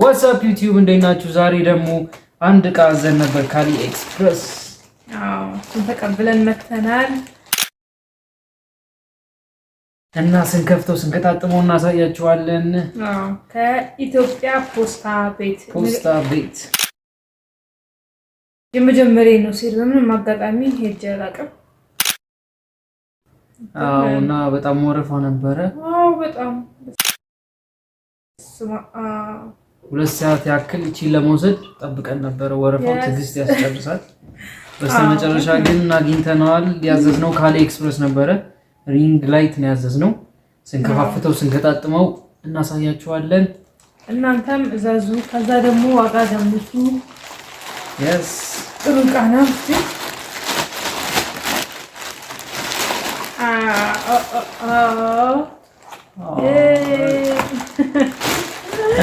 ዋትስአፕ ዩቲዩብ እንዴት ናችሁ? ዛሬ ደግሞ አንድ እቃ አዘን ነበር ካሊ ኤክስፕረስ። አዎ ተቀብለን መተናል እና ስንከፍተው ስንከጣጥመው እናሳያችኋለን። ከኢትዮጵያ ፖስታ ቤት ፖስታ ቤት የመጀመሪያ ነው ሲል በምንም አጋጣሚ ሄጄ አላውቅም። አዎ እና በጣም ወረፋ ነበረ። አዎ በጣም ሁለት ሰዓት ያክል እቺን ለመውሰድ ጠብቀን ነበረ። ወረፋው ትዕግስት ያስጨርሳል። በስተመጨረሻ ግን አግኝተነዋል። ያዘዝነው ካሌ ኤክስፕረስ ነበረ። ሪንግ ላይት ነው ያዘዝነው። ስንከፋፍተው ስንገጣጥመው እናሳያችኋለን። እናንተም እዘዙ። ከዛ ደግሞ ዋጋ ገምቱ። ጥሩ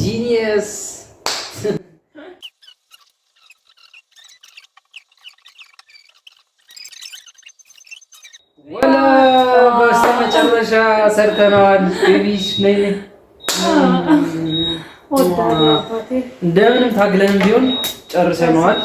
ጂኒየስ ወላ በስተመጨረሻ ሰርተነዋል። ቤቢሽ ነይ እንደምንም ታግለንም ቢሆን ጨርሰነዋል።